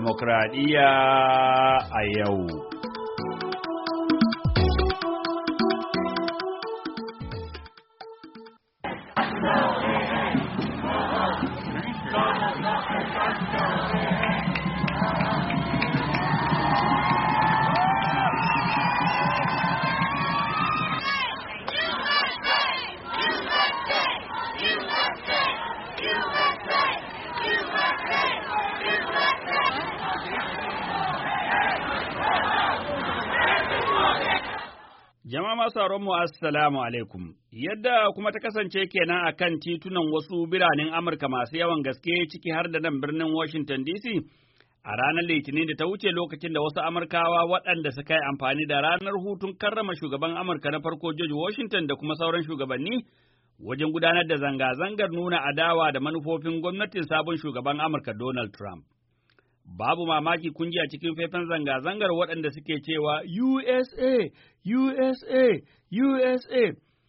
demokradiyya a yau. masu mu assalamu alaikum. Yadda kuma ta kasance kenan a kan titunan wasu biranen Amurka masu yawan gaske ciki har da nan birnin Washington DC a ranar Litinin da ta wuce lokacin da wasu Amurkawa waɗanda suka yi amfani da ranar hutun karrama shugaban Amurka na farko George Washington da kuma sauran shugabanni wajen gudanar da zanga-zangar nuna adawa da manufofin gwamnatin sabon shugaban Amurka Donald Trump. Babu mamaki kun a cikin faifan zanga-zangar waɗanda suke cewa USA, USA, USA.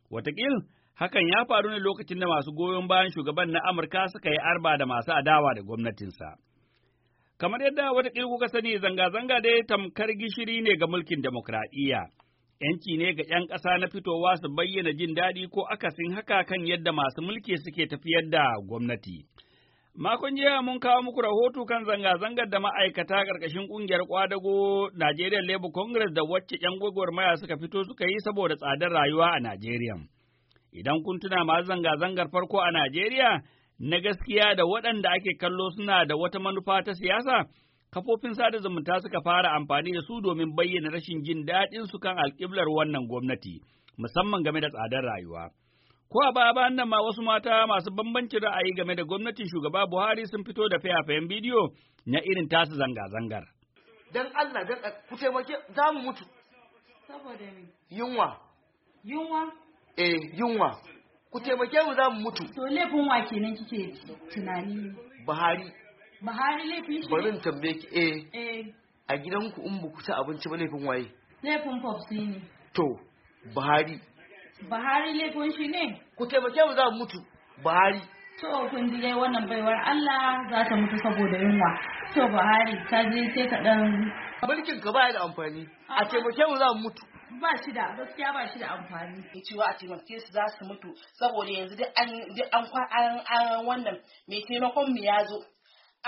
Watakil, hakan ya faru ne lokacin da masu goyon bayan shugaban na Amurka suka yi arba da masu adawa da gwamnatinsa. Kamar yadda watakil kuka sani zanga-zanga dai tamkar gishiri ne ga mulkin demokradiyya. ‘Yanci ne ga ‘yan ƙasa na fitowa su bayyana jin daɗi ko akasin haka kan yadda masu mulki suke tafiyar da gwamnati. Makon jiya mun kawo muku rahoto kan zanga-zangar da ma'aikata ƙarƙashin ƙungiyar kwadago Najeriya Labour Congress da wacce ‘yan gwagwarmaya suka fito suka yi saboda tsadar rayuwa a Najeriya. Idan kun tuna masu zanga-zangar farko a Najeriya na gaskiya da waɗanda ake kallo suna da wata manufa ta siyasa, kafofin sada zumunta suka fara amfani da su domin bayyana rashin jin daɗin su kan alƙiblar wannan gwamnati, musamman game da tsadar rayuwa. Ko a baya bayan nan ma wasu mata masu bambancin ra'ayi game da gwamnatin shugaba Buhari sun fito da fayafayen bidiyo na irin tasu zanga-zangar. Dan Allah dan ku taimake za mu mutu. Saboda me? Yunwa. Yunwa? Eh, yunwa. Ku taimake mu za mu mutu. To laifin wa kenan kike tunani? Buhari. Buhari laifin shi. Bari tambaye ki eh. Eh. A gidanku in ba ku ci abinci ba laifin waye? Laifin Popsi ne. To, Buhari. Buhari laifin shi ne? Ku taimake mu za mu mutu Buhari. To kun ji dai wannan baiwar Allah za ta mutu saboda yunwa. To Buhari ta je sai ka dan mulkin ka ba da amfani. A taimake mu za mu mutu. Ba shi da gaskiya ba shi da amfani. Ke cewa a taimake su za su mutu saboda yanzu duk an kwa an an wannan mai taimakon mu ya zo.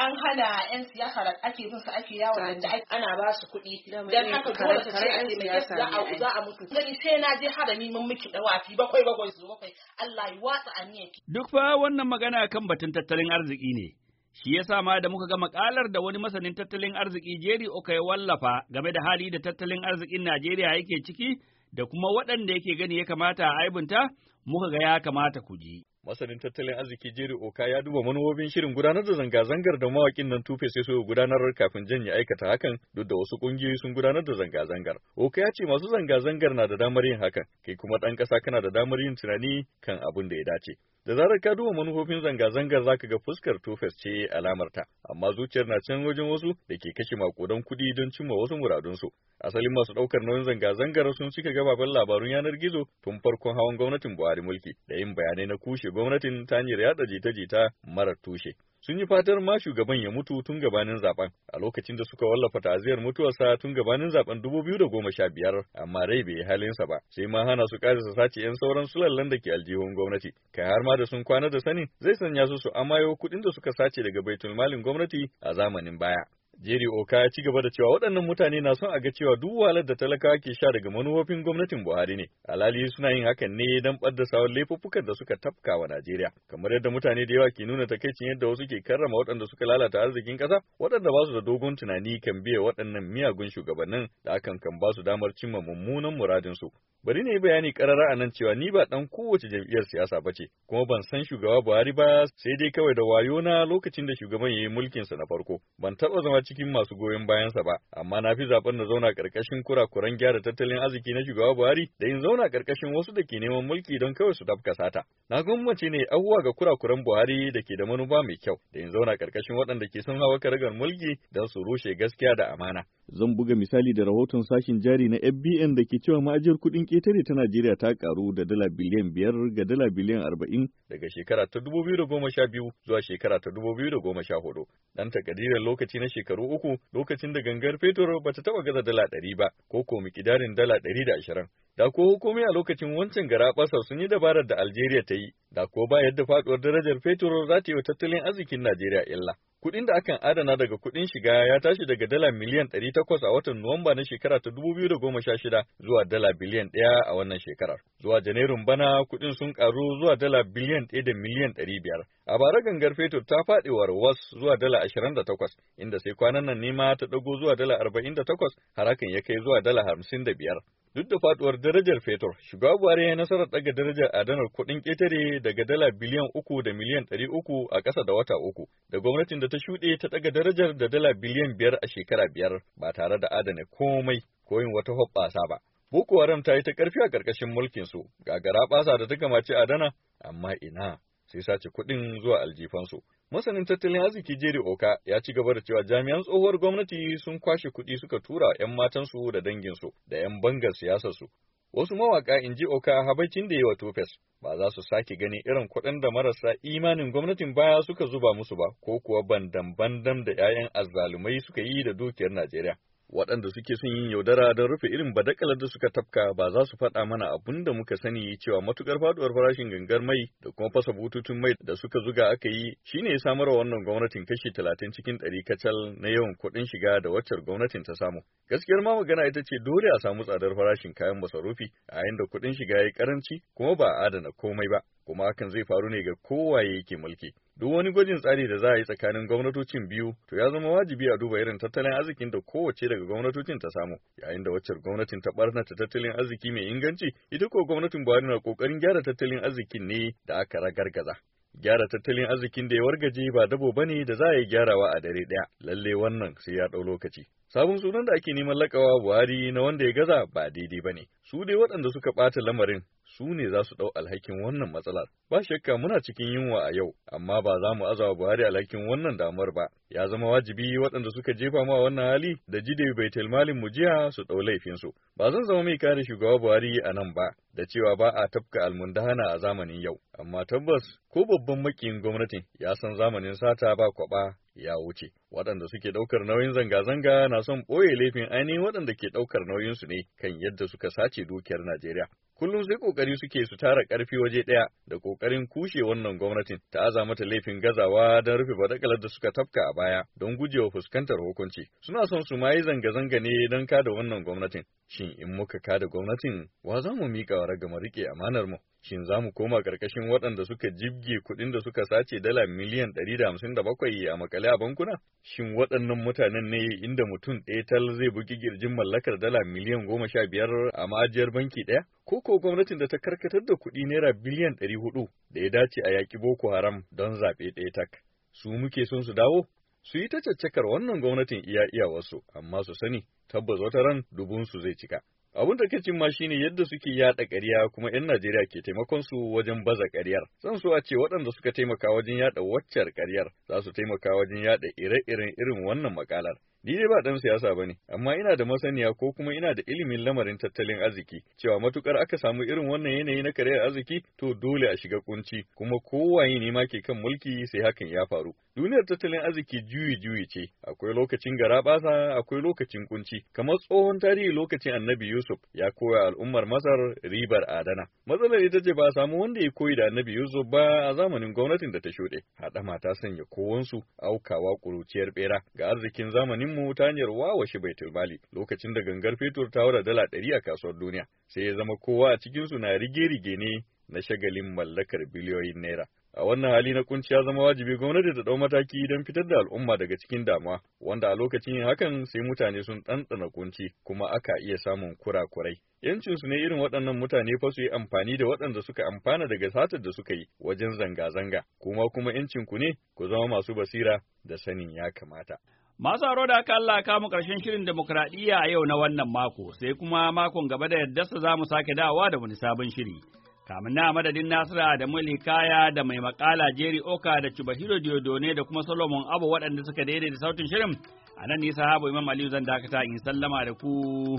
an hana 'yan siyasa da ake bin ake yawo da ana ba su kuɗi don haka dole ta ce an siyasa za a mutu gani sai na je ni mun miki dawafi bakwai bakwai su bakwai Allah ya watsa aniyaki duk fa wannan magana kan batun tattalin arziki ne Shi ya sa ma da muka ga makalar da wani masanin tattalin arziki Jerry Okai wallafa game da hali da tattalin arzikin Najeriya yake ciki da kuma waɗanda yake gani ya kamata a aibinta muka ga ya kamata ku ji. Masanin tattalin arziki Jerry Oka ya duba manufofin shirin gudanar da zanga-zangar da mawakin nan Tufe sai so gudanar kafin jan ya aikata hakan duk da wasu kungiyoyi sun gudanar da zanga-zangar. Oka ya ce masu zanga-zangar na da damar yin hakan, kai kuma ɗan ƙasa kana da damar yin tunani kan abin da ya dace. Da zarar ka duba manufofin zanga-zangar za ka ga fuskar Tufes ce alamarta, amma zuciyar na can wajen wasu da ke kashe makudan kuɗi don cimma wasu muradunsu. Asalin masu ɗaukar nauyin zanga-zangar sun cika gababen labarun yanar gizo tun farkon hawan gwamnatin Buhari mulki da yin bayanai na kushe gwamnatin ta hanyar yada jita-jita marar tushe. Sun yi fatar ma shugaban ya mutu tun gabanin zaben a lokacin da suka wallafa ta'aziyar mutuwarsa tun gabanin zaben biyar, amma rai bai yi halinsa ba sai ma hana su karisa sace yan sauran sulallan da ke aljihun gwamnati kai har ma da sun kwana da sanin zai sanya su su amayo kuɗin da suka sace daga baitulmalin gwamnati a zamanin baya. Jerry Oka ya ci gaba da cewa waɗannan mutane na son a ga cewa duk wahalar da talakawa ke sha daga manufofin gwamnatin Buhari ne. Alali suna yin hakan ne don ɓadda sawar laifuffukan da suka tafka wa Najeriya. Kamar yadda mutane da yawa ke nuna takaicin yadda wasu ke karrama waɗanda suka lalata arzikin ƙasa, waɗanda ba su da dogon tunani kan biya waɗannan miyagun shugabannin da akan kan ba su damar cimma mummunan muradinsu. Bari ne bayani karara a nan cewa ni ba dan kowace jam'iyyar siyasa ba ce, kuma ban san shugaba Buhari ba sai dai kawai da wayo na lokacin da shugaban ya yi mulkin sa na farko. Ban taɓa zama cikin masu goyon bayansa ba, amma na fi zaben na zauna ƙarƙashin kurakuran gyara tattalin arziki na shugaba Buhari da in zauna ƙarƙashin wasu da ke neman mulki don kawai su tafka sata. Na gwammace ne abubuwa ga kurakuran Buhari da ke da manufa mai kyau da in zauna karkashin waɗanda ke son hawa karagar mulki don su rushe gaskiya da amana. Zan buga misali da rahoton sashin jari na FBN da ke cewa ma'ajiyar kuɗin ƙetare ta Najeriya ta karu da dala biliyan biyar ga dala biliyan arba'in daga shekara ta dubu biyu da goma sha biyu zuwa shekara ta dubu biyu da goma sha hudu. Ɗan takadirar lokaci na shekaru uku lokacin da gangar fetur ba ta taɓa gaza dala ɗari ba ko ko ƙidarin dala ɗari da ashirin. Da ko hukumi a lokacin wancan gara sun yi dabarar da Aljeriya ta yi, da ko ba yadda faɗuwar darajar fetur za ta yi wa tattalin arzikin Najeriya illa. Kuɗin da akan adana daga kuɗin shiga ya tashi daga dala miliyan 800 a watan Nuwamba na shekara ta 2016 zuwa dala biliyan 1 a wannan shekarar. Zuwa Janairun bana kuɗin sun karu zuwa dala biliyan 1 da miliyan 500. A bara gangar fetur ta faɗi warwas zuwa dala 28 inda sai kwanan nan nema ta ɗago zuwa dala 48 har hakan ya kai zuwa dala 55. Duk da faduwar darajar fetur, shiga Buhari ya nasarar daga darajar adanar kuɗin ƙetare daga dala biliyan uku da miliyan ɗari uku a ƙasa da wata uku, da gwamnatin da ta shuɗe ta daga darajar da dala biliyan biyar a shekara biyar ba tare da adana komai ko yin wata hoɓɓasa ba. Boko Haram ta yi ta ƙarfi a ƙarƙashin mulkinsu, gagara ɓasa da ta kamace adana, amma ina sai sace kuɗin zuwa aljifansu. Masanin tattalin arziki Jerry Oka ya ci gaba da cewa jami'an tsohuwar gwamnati sun kwashe kuɗi suka tura 'yan matansu da danginsu da 'yan bangar siyasarsu. Wasu mawaƙa in ji Oka habaicin da yi wa tufes ba za su sake gani irin kuɗin da marasa imanin gwamnatin baya suka zuba musu ba ko kuwa bandan-bandan da 'ya'yan azzalumai suka yi da dukiyar Najeriya. waɗanda suke son yin yaudara don rufe irin badakalar da suka tafka ba za su faɗa mana abin da muka sani cewa matukar faduwar farashin gangar mai da kuma fasa bututun mai da suka zuga aka yi shine ya samar wa wannan gwamnatin kashi talatin cikin ɗari kacal na yawan kuɗin shiga da waccar gwamnatin ta samu. Gaskiyar ma magana ita ce dole a samu tsadar farashin kayan masarufi a yayin da kuɗin shiga ya yi karanci kuma ba a adana komai ba. kuma hakan zai faru ne ga kowaye yake mulki. Duk wani gwajin tsari da za a yi tsakanin gwamnatocin biyu, to ya zama wajibi a duba irin tattalin arzikin da kowace daga gwamnatocin ta samu, yayin da waccar gwamnatin ta ta tattalin arziki mai inganci, ita ko gwamnatin Buhari na kokarin gyara tattalin arzikin ne da aka ragargaza. Gyara tattalin arzikin da ya wargaje ba dabo bane da za a yi gyarawa a dare ɗaya, lalle wannan sai ya ɗau lokaci. Sabon sunan da ake neman lakawa Buhari na wanda ya gaza ba daidai ba ne. Su dai waɗanda suka ɓata lamarin su ne za su ɗau alhakin wannan matsalar. Ba shakka muna cikin yunwa a yau, amma ba za mu azawa Buhari alhakin wannan damar ba. Ya zama wajibi waɗanda suka jefa a wannan hali da jide baitul malin mu jiya su ɗau laifinsu. Ba zan zama mai kare shugaba Buhari a nan ba, da cewa ba a tafka almundahana a zamanin yau. Amma tabbas ko babban makiyin gwamnatin ya san zamanin sata ba kwaɓa ya wuce. Waɗanda suke ɗaukar nauyin zanga-zanga na son ɓoye laifin ainihin waɗanda ke ɗaukar nauyinsu ne kan yadda suka sace dukiyar Najeriya. Kullum sai ƙoƙari suke su tara ƙarfi waje ɗaya da ƙoƙarin kushe wannan gwamnatin ta aza mata laifin gazawa don rufe badakalar da suka tafka a baya don gujewa fuskantar hukunci. Suna son su ma yi zanga-zanga ne don kada wannan gwamnatin. Shin in muka kada gwamnatin, wa za mu miƙa ragamar riƙe amanar mu? Shin za mu koma ƙarƙashin waɗanda suka jibge kuɗin da suka sace dala miliyan ɗari da da bakwai a makale a bankuna? Shin waɗannan mutanen ne inda mutum ɗaya tal zai bugi girjin mallakar dala miliyan 15 a ma'ajiyar banki ɗaya? Ko ko gwamnatin da ta karkatar da kuɗi naira biliyan ɗari hudu da ya dace a yaƙi Boko Haram don zaɓe ɗaya tak? Su muke son su dawo? Su yi ta caccakar wannan gwamnatin iya iya wasu, amma su sani tabbas wata ran dubunsu zai cika. Abin da kacin ma shine yadda suke yada ƙarya kuma 'yan Najeriya ke taimakon su wajen baza ƙaryar. Zan so a ce waɗanda suka taimaka wajen yada waccar ƙaryar za su taimaka wajen yada ire-iren irin wannan makalar. Ni dai ba dan siyasa ba ne, amma ina da masaniya ko kuma ina da ilimin lamarin tattalin arziki, cewa matukar aka samu irin wannan yanayi na karyar arziki to dole a shiga kunci, kuma kowaye ne ke kan mulki sai hakan ya faru. Duniyar tattalin arziki juyi-juyi ce, akwai lokacin garaɓasa, akwai lokacin kunci, kamar tsohon tarihi lokacin annabi Yusuf ya koya al'ummar Masar ribar adana. Matsalar ita ce ba samu wanda ya koyi da annabi Yusuf ba a zamanin gwamnatin da ta shuɗe, haɗa mata sanya kowansu aukawa ƙuruciyar bera ga arzikin zamanin mu ta hanyar wawashi bai tilbali lokacin da gangar fetur ta wura dala ɗari a kasuwar duniya sai ya zama kowa a cikinsu na rige-rige ne na shagalin mallakar biliyoyin naira a wannan hali na kunci ya zama wajibi gwamnati ta dau mataki don fitar da al'umma daga cikin damuwa wanda a lokacin hakan sai mutane sun ɗanɗana kunci kuma aka iya samun kurakurai yancin su ne irin waɗannan mutane fa su yi amfani da waɗanda suka amfana daga satar da suka yi wajen zanga-zanga kuma kuma yancin ku ne ku zama masu basira da sanin ya kamata Masu haro da aka Allah kamu ƙarshen shirin demokradiyya a yau na wannan mako, sai kuma makon gaba da yarda za mu sake dawa da wani sabon shiri. Kamin na madadin Nasira da Muli Kaya da mai makala Jerry Oka da Chubahiro Diodone da kuma Solomon Abu waɗanda suka daidaita sautin shirin, a nan nisa habu Imam Aliyu zan dakata in sallama da ku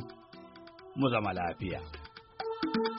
mu zama lafiya. thank you